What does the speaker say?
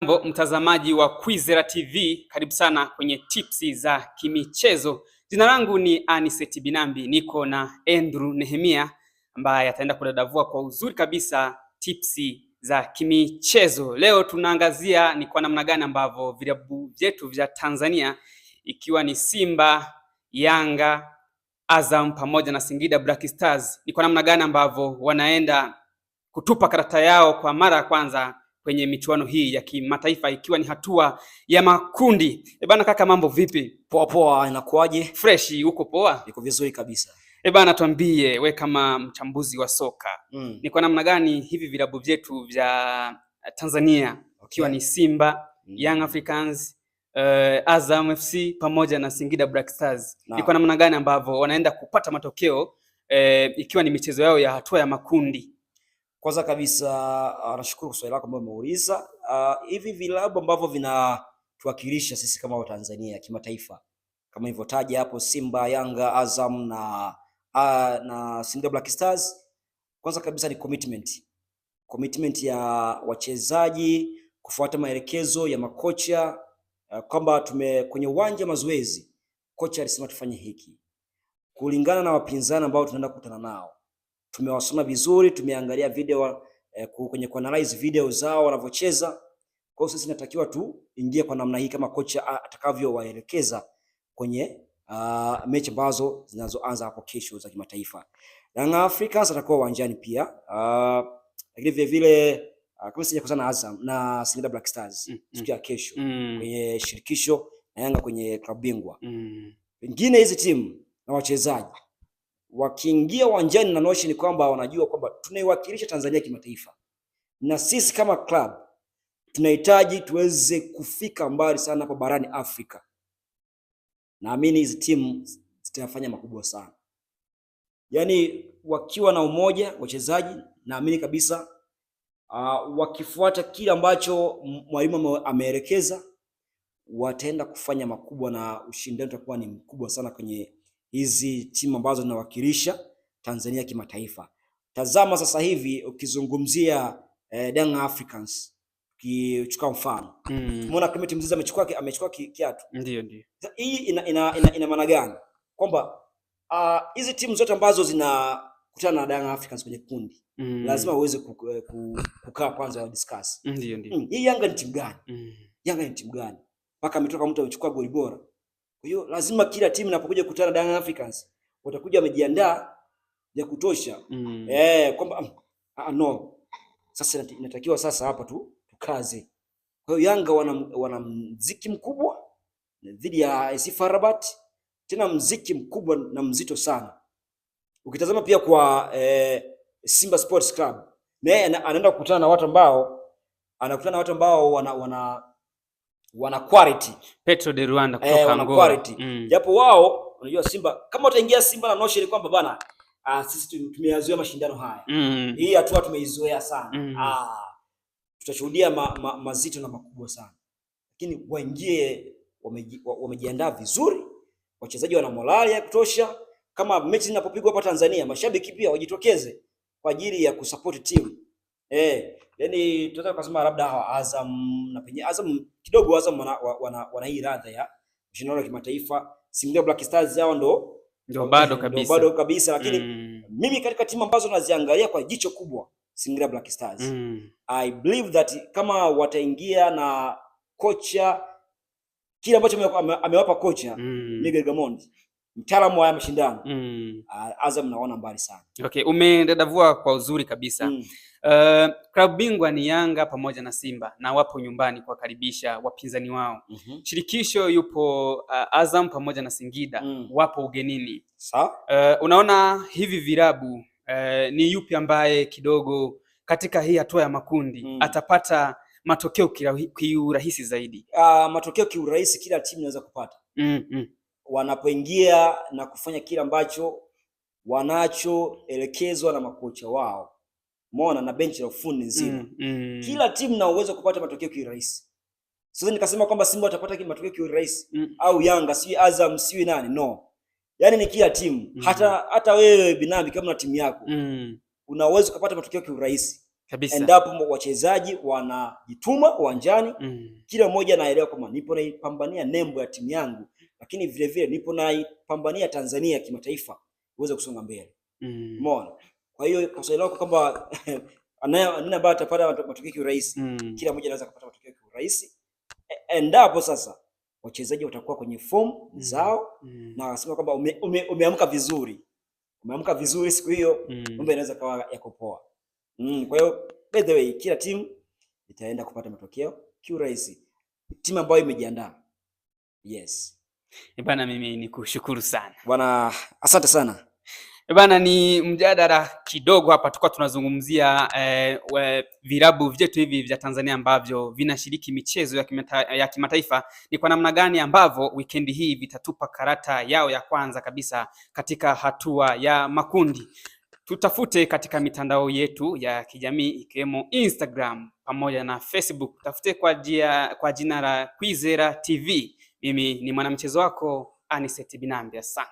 Mambo mtazamaji wa Kwizera TV, karibu sana kwenye tipsi za kimichezo. Jina langu ni Aniseti Binambi, niko na Andrew Nehemia ambaye ataenda kudadavua kwa uzuri kabisa tipsi za kimichezo. Leo tunaangazia ni kwa namna gani ambavyo vilabu vyetu vya Tanzania ikiwa ni Simba, Yanga, Azam pamoja na Singida Black Stars, ni kwa namna gani ambavyo wanaenda kutupa karata yao kwa mara ya kwanza kwenye michuano hii ya kimataifa ikiwa ni hatua ya makundi. E bana kaka, mambo vipi? Poa poa, inakuaje? Fresh uko Poa, iko vizuri kabisa. E bana, tuambie we kama mchambuzi wa soka mm. ni kwa namna gani hivi vilabu vyetu vya Tanzania ikiwa okay. ni Simba mm. Young Africans Uh, Azam FC pamoja na Singida Black Stars ni kwa namna gani ambavyo wanaenda kupata matokeo eh, ikiwa ni michezo yao ya hatua ya makundi kwanza kabisa uh, nashukuru kwa swali lako ambalo umeuliza. Uh, hivi vilabu ambavyo vinatuwakilisha sisi kama Watanzania kimataifa kama ilivyotaja hapo Simba, Yanga, Azam na uh, na Singida Black Stars, kwanza kabisa ni commitment. Commitment ya wachezaji kufuata maelekezo ya makocha uh, kwamba tume kwenye uwanja wa mazoezi kocha alisema tufanye hiki kulingana na wapinzani ambao tunaenda kukutana nao tumewasoma vizuri, tumeangalia video eh, kwenye kuanalyze video zao wanavyocheza. Kwa hiyo sisi natakiwa tu ingie kwa namna hii kama kocha atakavyowaelekeza kwenye uh, mechi ambazo zinazoanza hapo kesho za kimataifa. Yanga Africans atakuwa uwanjani pia uh, lakini vile vile uh, kama sijakosana Azam na Singida Black Stars mm, -hmm. siku ya kesho mm, -hmm. kwenye shirikisho na Yanga kwenye klabu bingwa. Mm. Pengine hizi timu na wachezaji wakiingia uwanjani na notion kwamba wanajua kwamba tunaiwakilisha Tanzania kimataifa, na sisi kama club tunahitaji tuweze kufika mbali sana hapa barani Afrika. Naamini hizi timu zitafanya makubwa sana, yaani wakiwa na umoja wachezaji, naamini kabisa uh, wakifuata kile ambacho mwalimu ameelekeza wataenda kufanya makubwa na ushindani utakuwa ni mkubwa sana kwenye hizi timu ambazo zinawakilisha Tanzania kimataifa. Tazama sasa hivi ukizungumzia eh, Young Africans ukichukua mfano mm. kama timu amechukua amechukua kiatu. Ndio ndio. Hii ina, ina, ina, ina maana gani? Kwamba ah, hizi uh, timu zote ambazo zinakutana na Young Africans kwenye kundi mm. lazima uweze eh, kukaa kwanza wa discuss. Ndio ndio. Mm, hii Yanga ni timu gani? Mm. Yanga ni timu gani? Mpaka ametoka mtu amechukua goli bora. Kwa hiyo lazima kila timu inapokuja kukutana na Young Africans watakuja wamejiandaa ya kutosha mm. Eh, kwamba ah, ah, no, sasa inatakiwa sasa hapa tu tukaze. Kwa hiyo Yanga wana, wana mziki mkubwa dhidi ya AS FAR Rabat, tena mziki mkubwa na mzito sana. Ukitazama pia kwa eh, Simba Sports Club naye anaenda kukutana na watu ambao anakutana na watu ambao wana, wana wana quality. Petro de Rwanda eh, kutoka eh, wana quality mm. Japo wao unajua Simba kama utaingia Simba na notion kwamba bana ah, sisi tumeyazoea mashindano haya mm. Hii hatua tumeizoea sana mm. Ah, tutashuhudia ma, ma, mazito na makubwa sana, lakini waingie wamejiandaa vizuri, wachezaji wana morale ya kutosha. Kama mechi zinapopigwa hapa Tanzania, mashabiki pia wajitokeze kwa ajili ya kusupport timu eh, Yaani tunaweza kusema labda hawa Azam na penye Azam kidogo Azam wana wana, wana hii radha ya mshindano ya kimataifa. Singida Black Stars yao ndo ndo bado kabisa. ndo Bado kabisa lakini mm. mimi katika timu ambazo naziangalia kwa jicho kubwa Singida Black Stars. Mm. I believe that kama wataingia na kocha kile ambacho amewapa kocha mm. Miguel Gamond mtaalamu wa mashindano mm. Ah, Azam naona mbali sana. Okay, umedadavua kwa uzuri kabisa mm. Uh, klabu bingwa ni Yanga pamoja na Simba na wapo nyumbani kuwakaribisha wapinzani wao. mm -hmm. Shirikisho yupo uh, Azam pamoja na Singida mm. wapo ugenini. Uh, unaona hivi virabu uh, ni yupi ambaye kidogo katika hii hatua ya makundi mm. atapata matokeo kiurahisi zaidi? Uh, matokeo kiurahisi kila timu inaweza kupata mm -hmm. wanapoingia na kufanya kile ambacho wanachoelekezwa na makocha wao umeona, na benchi la ufundi mm, nzima mm, mm. Kila timu na uwezo kupata matokeo kiurahisi. Sasa nikasema kwamba Simba watapata matokeo kiurahisi mm. au Yanga si Azam si nani, no, yani ni kila timu mm. hata hata wewe binafsi kama na timu yako mm. una uwezo kupata matokeo kiurahisi kabisa, endapo wachezaji wanajituma uwanjani mm. kila mmoja anaelewa kwamba nipo naipambania nembo ya timu yangu, lakini vile vile nipo naipambania Tanzania kimataifa uweze kusonga mbele mm. umeona kwa hiyo kaswali lako kwamba ambaye atapata matokeo kiurahisi mm. Kila mmoja anaweza kupata matokeo kiurahisi e, endapo sasa wachezaji watakuwa kwenye fomu mm. zao mm. na wasema kwamba ume, ume, umeamka vizuri umeamka vizuri siku hiyo mm. mambo yanaweza kawa yako poa mm. Kwa hiyo by the way, kila timu itaenda kupata matokeo kiurahisi, timu ambayo imejiandaa. Yes e bwana, mimi nikushukuru sana bwana, asante sana. Eh, bana, ni mjadala kidogo hapa, tulikuwa tunazungumzia eh, virabu vyetu hivi vya Tanzania ambavyo vinashiriki michezo ya kimata, kimataifa, ni kwa namna gani ambavyo wikendi hii vitatupa karata yao ya kwanza kabisa katika hatua ya makundi. Tutafute katika mitandao yetu ya kijamii ikiwemo Instagram pamoja na Facebook, tafute kwa jia, kwa jina la Kwizera TV. Mimi ni mwanamchezo wako Aniseti Binambi, asante.